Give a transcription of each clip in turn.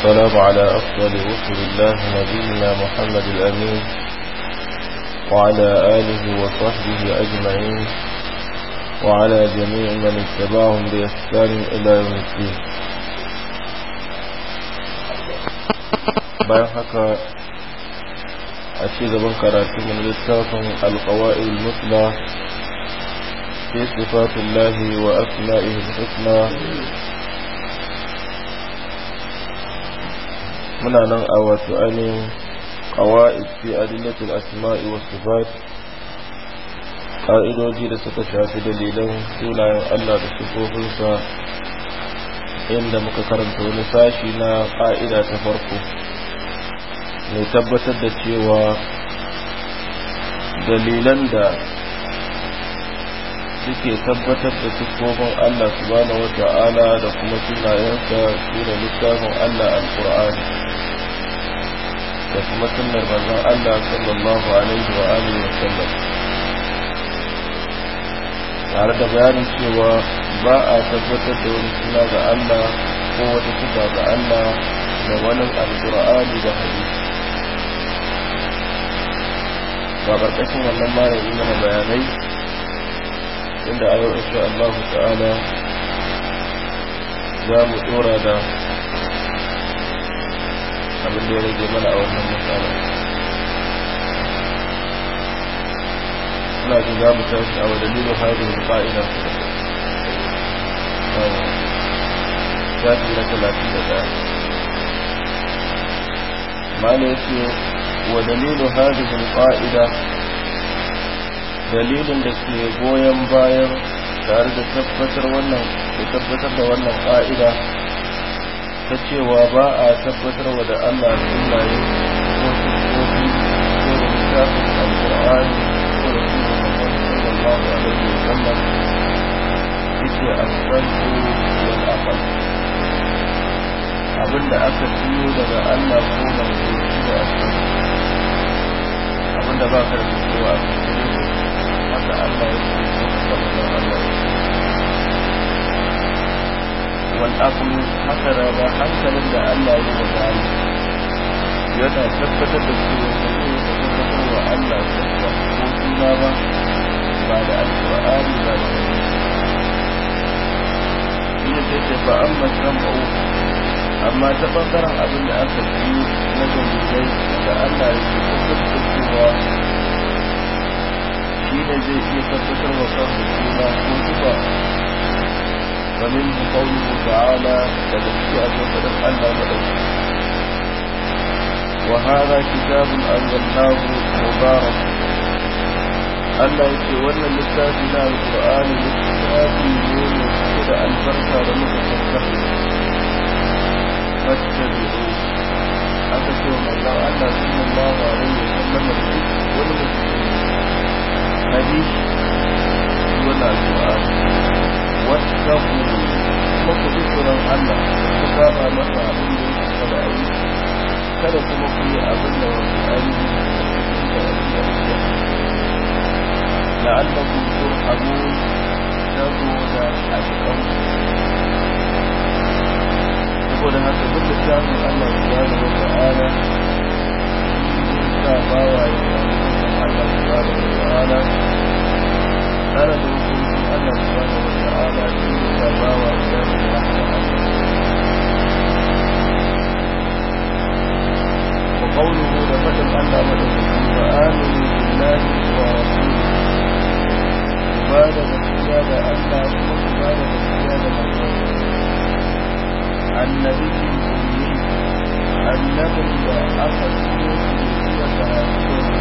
السلام على أفضل رسل الله نبينا محمد الأمين وعلى آله وصحبه أجمعين وعلى جميع من اتبعهم بإحسان إلى يوم الدين بعد حكا أشيد بن كراتي من mun littafin المثلى في صفات الله وأسمائه asma'ihi muna nan a wasu ainihin kawa'id fi adillatul asma'i wa sifat ka'idoji da suka shafi dalilan sunayen Allah da sifofinsa inda muka karanta wani sashi na ka'ida ta farko mai tabbatar da cewa dalilan da suke tabbatar da siffofin Allah subhanahu wata'ala da kuma sunayensa su da littafin Allah alkur'ani da kuma sunnar manzon Allah sallallahu alaihi wa alihi wa sallam tare da bayanin cewa ba a tabbatar da wani suna ga Allah ko wata sifa ga Allah da wani alkur'ani da hadisi ba ƙarƙashin wannan malamin bayanai inda a yau insha Allah ta'ala za mu dora da abin da ya rage mana a wannan matsala ina jin za mu tashi a wadalilin hajjin fa'ida shafi na talatin da ɗaya ma ne ce ودليل هذه القاعدة dalilin da ke goyon bayan tare da tabbatar wannan da tabbatar da wannan ƙa'ida ta cewa ba a tabbatar wa da Allah sunaye ko sufofi ko da Al-Qur'ani ko da su da kafin sallallahu alaihi wa sallam yake asbantu wal Abin da aka biyo daga Allah ko manzo shi da abin da ba ka da kowa a cikin da Allah yake so da Allah wal aqlu hasara da hankalin da Allah ya da yana tabbatar da cewa sai da tabbatar wa Allah da ko kuma ba ba da alqur'ani ba da ina ce fa amma sam'u amma ta bangaren abin da aka fi na dalilai da Allah ya ke tabbatar cewa shi ne zai iya tabbatar wa kansa suna ko zuba kamin mu kawo ta'ala daga ciki akwai faɗin Allah maɗauki وهذا كتاب أنزلناه مبارك Allah ya ce wannan littafi na alƙur'ani littafi ne mai cike da albarka da muka tattara wacce biyu aka ce wa mallan Allah sallallahu alaihi wa sallam wani mutum hadis yana zuwa wata kuma kuma kusuran Allah ta saba masa abin da ya a yi kada kuma ku yi abin da wasu ainihin da su wasu da su da Allah ku so abu ta zo da a cikin saboda haka duk da shafin Allah ya zama ta'ala sa bawa ya الله سبحانه وتعالى أنا دوكم سبحانه وتعالى إنك ما وأنت رحمة وقوله لفتم أن مدكم فآمنوا بالله ورسوله مبالغة زيادة أن أمر مبالغة زيادة النبي الأمي النبي أخذ فيه في سيرة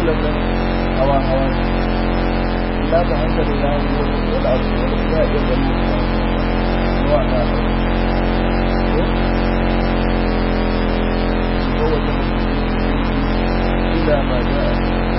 matsalar nan hawa hawa ba hankali na yi wani wani abu wani ya iya gani da